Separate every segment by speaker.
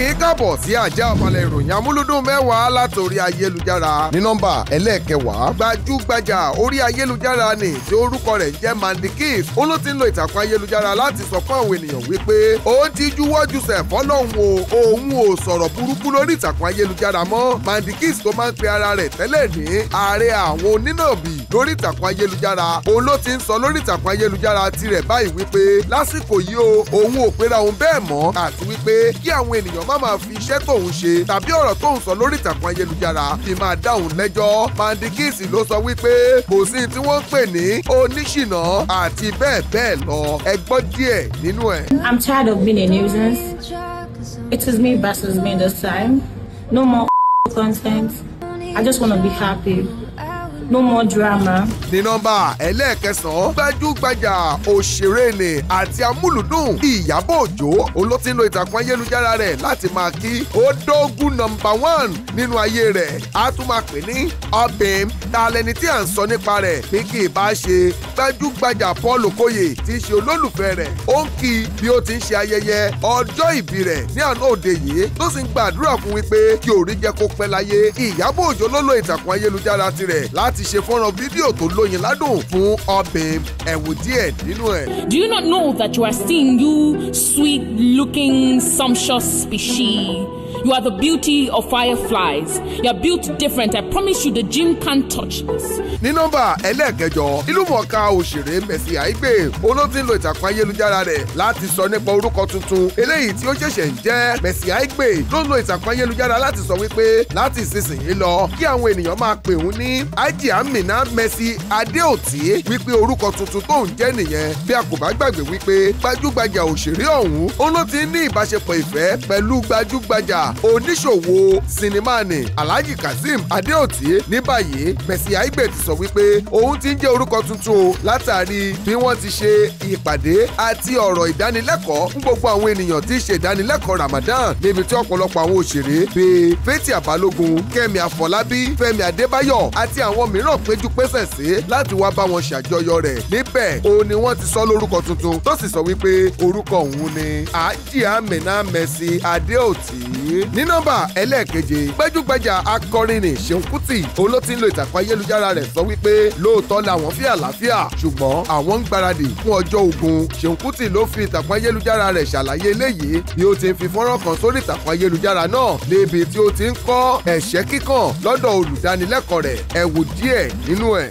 Speaker 1: aqui. káàbọ̀ sí àjà àbálẹ̀ ìròyìn amúlúdùn mẹ́wàá látòrí ayélujára ní nọ́mbà ẹlẹ́ẹ̀kẹwàá gbajúgbajà orí ayélujára ni tí orúkọ rẹ̀ jẹ́ Mandikis ó ló ti ń lo ìtàkùn ayélujára láti sọ fún àwọn ènìyàn wípé ó ti juwọ́ jùsẹ̀ fọlọ́hún o òun ò sọ̀rọ̀ burúkú lórí ìtàkùn ayélujára mọ́ Mandikis tó máa ń pe ara rẹ̀ tẹ́lẹ̀ ní ààrẹ àwọn onínàbì lórí ìtàkùn ayélujára òun ló ti ń sọ lórí ìtàkùn ayélujára tirẹ̀ báyìí wípé lásìkò yìí o òun ò pera òun bẹ́ẹ̀ mọ́ àti wípé kí àwọn ènìyàn má máa fi iṣẹ́ tóun ṣe tàbí ọ̀rọ̀ tóun sọ lórí ìtàkùn ayélujára fi máa dá òun lẹ́jọ́ Mandikis ló sọ wípé kò sí tí wọ́n ń pè ní oníṣìnà àti bẹ́ẹ̀ bẹ́ẹ̀ lọ ẹ gbọ́ díẹ̀ nínú ẹ̀. I'm tired of being a nuisance. It is me versus me this time. No more content. I just wanna be happy no more drama. ní nọ́mbà ẹlẹ́ẹ̀kẹsàn-án gbajúgbajà òṣèré ni àti amúlùdùn ìyábọ̀ òjó olótí ń lo ìtàkùn ayélujára rẹ̀ láti máa kí ó dógún nọ́mbà one nínú ayé rẹ̀ á tún máa pè ní ọbẹ̀ ta lẹni tí à ń sọ nípa rẹ̀ bí kì í ṣe gbajúgbajà Paul Okoye tí í ṣe olólùfẹ́ rẹ̀ ó ń kí bí ó ti ń ṣe ayẹyẹ ọjọ́ ìbí rẹ̀ ní àná òde yìí tó sì ń gbàdúrà fún wípé kí òrí jẹ́ kó pẹ́ láyé ìyábọ̀ òjó ló ìtàkùn ayélujára tirẹ̀ láti láti ṣe fọ́nrán fídíò tó lóyin ládùn fún ọbẹ̀ ẹ̀wù díẹ̀ nínú ẹ̀. Do you not know that you are seeing you sweet looking sumptuous species? You are the beauty of fireflies. You are built different. I promise you the gym can't touch this. ní nọ́mbà ẹlẹ́ẹ̀kẹjọ ìlúmọ̀ọ́ká òṣèré Mercy Aigbe olóòtú ń lo ìtàkùn ayélujára rẹ̀ láti sọ nípa orúkọ tuntun eléyìí tí ó ṣẹ̀ṣẹ̀ ń jẹ́ Mercy Aigbe ló ń lo ìtàkùn ayélujára láti sọ wípé láti ìsinsìnyí lọ kí àwọn ènìyàn máa pè òun ní Haji Amina Mercy Adeoti wípé orúkọ tuntun tó ń jẹ́ nìyẹn bí a kò bá gbàgbé wípé gbajúgbajà òṣèré ọ̀hún olóòtú ní ìbáṣepọ̀ ìfẹ́ pẹ̀lú gbajúgbajà àgbà oníṣòwò sinimá ni Alhaji Kazeem Adeoti ní báyìí Mercy Aigbe ti sọ wípé òun ti ń jẹ́ orúkọ tuntun o látàrí bí wọ́n ti ṣe ìpàdé àti ọ̀rọ̀ ìdánilẹ́kọ̀ọ́ fún gbogbo àwọn ènìyàn tí ṣe ìdánilẹ́kọ̀ọ́ Ramadan níbi tí ọ̀pọ̀lọpọ̀ àwọn òṣèré bíi Fathia Balogun Kẹ́mi Àfọlábí Fẹ́mi Adébáyọ̀ àti àwọn mìíràn péjú pésẹ̀ sí láti wá bá wọn ṣàjọyọ̀ rẹ̀ níbẹ̀ òun ni wọ́n ti sọ lórúkọ tuntun tó sì sọ wípé orúkọ òun ni Àjíà Mẹ́nà àgbáyé ní nọ́mbà ẹlẹ́ẹ̀keje gbẹ́júgbẹ́jà akọrin ní Ṣeun Kútì òun ló ti ń lo ìtàkùn ayélujára rẹ̀ sọ wípé lóòótọ́ làwọn fi àlàáfíà ṣùgbọ́n àwọn ń gbáradì fún ọjọ́ ogun Ṣeun Kútì ló fi ìtàkùn ayélujára rẹ̀ ṣàlàyé eléyìí bí ó ti ń fi fọ́nrán kan sórí ìtàkùn ayélujára náà lébi tí ó ti ń kọ́ ẹ̀ṣẹ́ kíkàn lọ́dọ̀ olùdánilẹ́kọ̀ọ́ rẹ̀ ẹ díẹ̀ nínú ẹ̀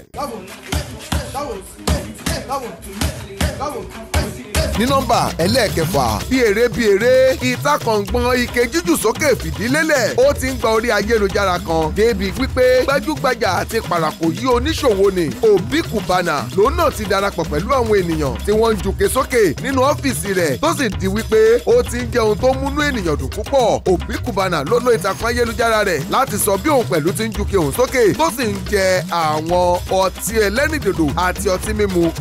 Speaker 1: ní nọ́mbà ẹlẹ́ẹ̀kẹfà bí eré bí eré ìtakọ̀ngbọ̀n ike jíjù sókè fìdílélẹ̀ ó ti ń gba orí ayélujára kan débi wípé gbajúgbajà àti parako yí oníṣòwò ni Obi Cubana lòun náà ti darapọ̀ pẹ̀lú àwọn ènìyàn tí wọ́n ń jùkè sókè nínú ọ́fíìsì rẹ̀ tó sì di wípé ó ti ń jẹ ohun tó múnú ènìyàn dùn púpọ̀ Obi Cubana ló lo ìtakùn ayélujára rẹ̀ láti sọ bí òun pẹ̀lú ti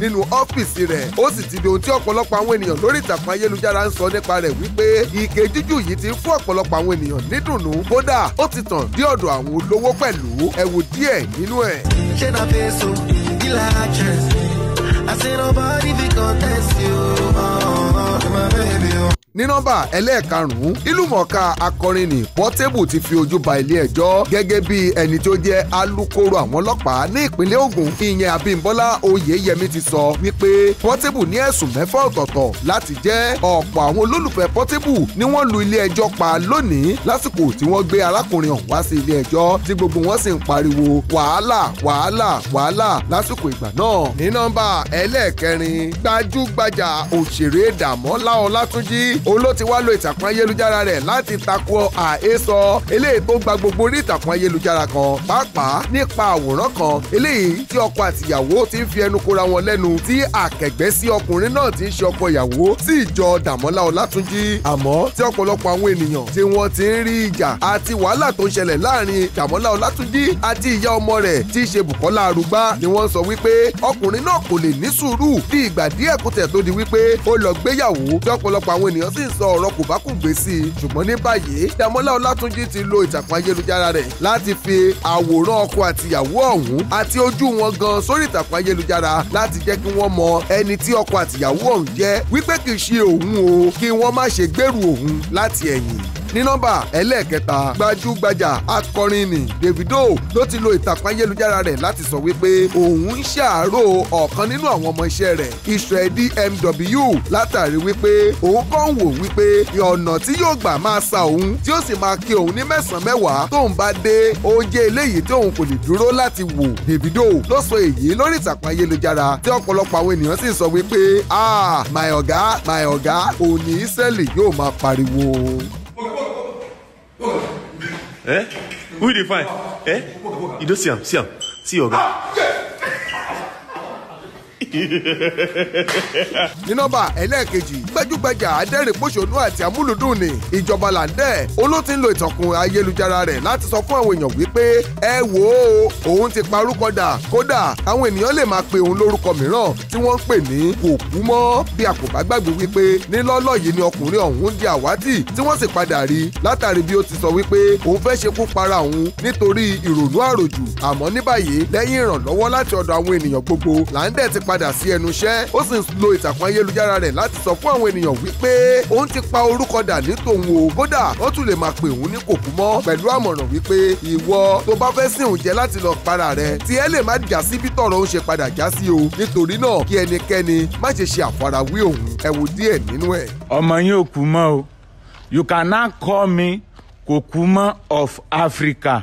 Speaker 1: ń níwájú ọ́fíìsì rẹ̀ ó sì ti di ohun tí ọ̀pọ̀lọpọ̀ àwọn ènìyàn lórí ìtàkùn ayélujára ń sọ nípa rẹ̀ wípé ike jíjù yìí ti fún ọ̀pọ̀lọpọ̀ àwọn ènìyàn nídùnnú kódà ó ti tàn dé ọ̀dọ̀ àwọn olówó pẹ̀lú ẹ díẹ̀ nínú ẹ̀. ṣé na fẹ́ àjẹsí àṣẹ nobody be contest you ní nọ́mbà ẹlẹ́ẹ̀karùn-ún ìlúmọ̀ọ́ká akọrin ní Portable ti fi ojú ba ilé ẹjọ́ gẹ́gẹ́ bí ẹni tó jẹ́ alukoro àwọn ọlọ́pàá ní ìpínlẹ̀ Ògùn ìyẹn Abímbọ́lá Oyèyẹmí ti sọ wípé Portable ní ẹ̀sùn mẹ́fà ọ̀tọ̀ọ̀tọ̀ láti jẹ́ ọ̀pọ̀ àwọn olólùfẹ́ Portable ni wọ́n lu ilé ẹjọ́ pa lónìí lásìkò tí wọ́n gbé arákùnrin ọ̀hún wá sí ilé ẹjọ́ tí gbogbo wọn sì ń pariwo wàhálà wàhálà wàhálà lásìkò ìgbà náà ní nọ́mbà ẹlẹ́ẹ̀kẹrin gbajúgbajà òṣèré Dàmọ́lá Ọlátúnjí òun ló ti wá lo ìtàkùn ayélujára rẹ̀ láti takò àhesọ eléyìí tó gba gbogbo orí ìtàkùn ayélujára kan pàápàá nípa àwòrán kan eléyìí tí ọkọ àtìyàwó ti ń fi ẹnu kóra wọn lẹ́nu tí àkẹ̀gbẹ́ sí ọkùnrin náà ti ń ṣe ọkọ ìyàwó sí ìjọ Dàmọ́lá Ọlátúnjí àmọ́ tí ọ̀pọ̀lọpọ̀ àwọn ènìyàn tí wọ́n ti ń rí ìjà àti wàhálà tó ń ṣẹlẹ̀ láàrin Dàmọ́lá Ọlátúnjí àti ìyá ọmọ rẹ̀ tí í ṣe Bùkọ́lá Arúgbá ni wọ́n sọ wípé ọkùnrin náà kò lè ní sùúrù bí ìgbà díẹ̀ kó tó di wípé ó lọ gbéyàwó tí ọ̀pọ̀lọpọ̀ àwọn ènìyàn sì ń sọ ọ̀rọ̀ kò bá kù gbé sí i ṣùgbọ́n ní báyìí Dàmọ́lá Ọlátúnjí ti lo ìtàkùn ayélujára rẹ̀ láti fi àwòrán ọkọ àtìyàwó ọ̀hún àti ojú wọn gan sórí ìtàkùn ayélujára láti jẹ́ kí wọ́n mọ ẹni tí ọkọ àtìyàwó ọ̀hún jẹ́ wípé kì í ṣe òun o kí wọ́n má ṣe gbèrú òun láti ẹ̀yìn ní nọ́mbà ẹlẹ́ẹ̀kẹta gbajúgbajà akọrin ni Davido ló ti lo ìtàkùn ayélujára rẹ̀ láti sọ wípé òun ń ṣàárò ọ̀kan nínú àwọn ọmọ iṣẹ́ rẹ̀ Israel DMW látàrí wípé òun kàn ń wò wípé ọ̀nà tí yóò gbà máa sa òun tí ó sì máa kí òun ní mẹ́sàn-án mẹ́wàá tóun bá dé ó jẹ́ eléyìí tóun kò lè dúró láti wò Davido ló sọ èyí lórí ìtàkùn ayélujára tí ọ̀pọ̀lọpọ̀ àwọn ènìyàn sì sọ wípé ah my ọ̀gá my ọ̀gá òní sẹ́ẹ̀lì yóò máa pariwo eh who you find eh you don see him, see him, see your guy ní nọ́mbà ẹlẹ́ẹ̀kejì gbẹ́jú-gbẹ́jà adẹ́rìn-pọ̀ṣọ́nù àti amúlùdùn ni ìjọba làǹdẹ̀ olóòtú ń lo ìtàkùn ayélujára rẹ̀ láti sọ fún àwọn èèyàn wípé ẹ wò ó òun ti parúkọ dà kódà àwọn ènìyàn lè máa pe òun lórúkọ mìíràn tí wọ́n ń pè ní kò kú mọ́ bí a kò bá gbàgbé wípé nílọ́lọ́ yìí ni ọkùnrin ọ̀hún di àwátì tí wọ́n sì padà rí látàrí bí ó ti sọ wípé òun fẹ́ ṣekú para òun nítorí ìrònú àròjù àmọ́ ní báyìí lẹ́yìn ìrànlọ́wọ́ láti ọ̀dọ̀ àwọn ènìyàn gbogbo làǹdẹ̀ padà sí ẹnu iṣẹ́ ó sì ń lo ìtàkùn ayélujára rẹ̀ láti sọ fún àwọn ènìyàn wípé òun ti pa orúkọ dà ní tòun o kódà wọ́n tún lè máa pè òun ní kòkú mọ́ pẹ̀lú àmọ̀ràn wípé ìwọ tó bá fẹ́ sìn òun jẹ́ láti lọ para rẹ̀ tí ẹ lè má jà sí bí tọ̀rọ̀ òun ṣe padà já sí o nítorí náà kí ẹnikẹ́ni má ṣe ṣe àfarawé òun ẹ wo díẹ̀ nínú ẹ̀. ọmọ yín ò kú mọ́ o you can now call me Kokuma of Africa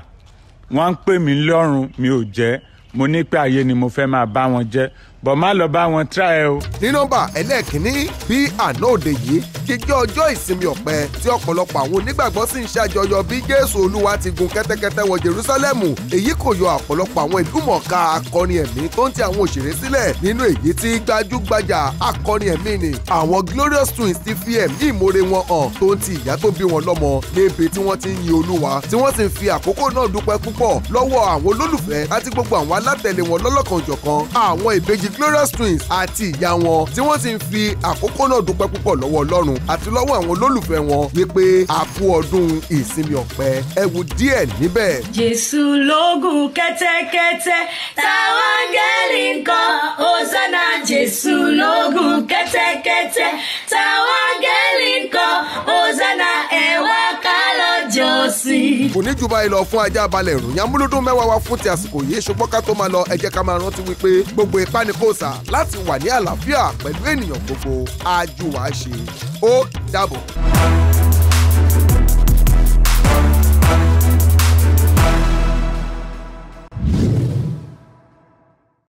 Speaker 1: wọ́n ń pè mí lọ́rùn mi ò jẹ́ mo ní pé ayé ni mo fẹ́ máa bá wọn jẹ́ bọ̀ má lọ bá wọn tra ẹ o. ní nọ́mbà ẹlẹ́ẹ̀kínní bí àná òde yìí jíjẹ́ ọjọ́ ìsinmi ọ̀pẹ tí ọ̀pọ̀lọpọ̀ àwọn onígbàgbọ́ sì ń ṣàjọyọ̀ bí jésù olúwa ti gun kẹ́tẹ́kẹ́tẹ́ wọ jerúsálẹ́mù èyí kò yọ ọ̀pọ̀lọpọ̀ àwọn ìlúmọ̀ọ́ká akọrin ẹ̀mí tó ń ti àwọn òṣèré sílẹ̀ nínú èyí tí gbajúgbajà akọrin ẹ̀mí ni àwọn glorious twins ti fi ẹ̀mí ìmoore wọn hàn tó ń ti ìyá tó bí wọn lọ́mọ níbi tí wọ́n ti ń yin olúwa tí wọ́n sì ń fi àkókò náà dúpẹ́ púpọ̀ lọ́wọ́ àwọn olólùfẹ́ àti gbogbo àwọn alátẹ̀lé wọn lọ́lọ́kanjọ̀kan àwọn ìbejì Glorious Twins àti ìyá wọn tí wọ́n ti ń fi àkókò náà dúpẹ́ púpọ̀ lọ́wọ́ Ọlọ́run àti lọ́wọ́ àwọn olólùfẹ́ wọn wípé a kú ọdún ìsinmi ọ̀pẹ ẹ wo díẹ̀ níbẹ̀. Jésù lógùn kẹ́tẹ́kẹ́tẹ́ táwọn áńgẹ́lì ń kọ́. kò ní jù báyìí lọ fún ajá balẹ̀ ìròyìn amúlùdùn mẹ́wàá wa fún ti àsìkò yìí ṣùgbọ́n ká tó máa lọ ẹ ká máa rántí wípé gbogbo ipá ni kò sà láti wà ní àlàáfíà pẹ̀lú ènìyàn gbogbo ajú wa ṣe ó dàbọ̀.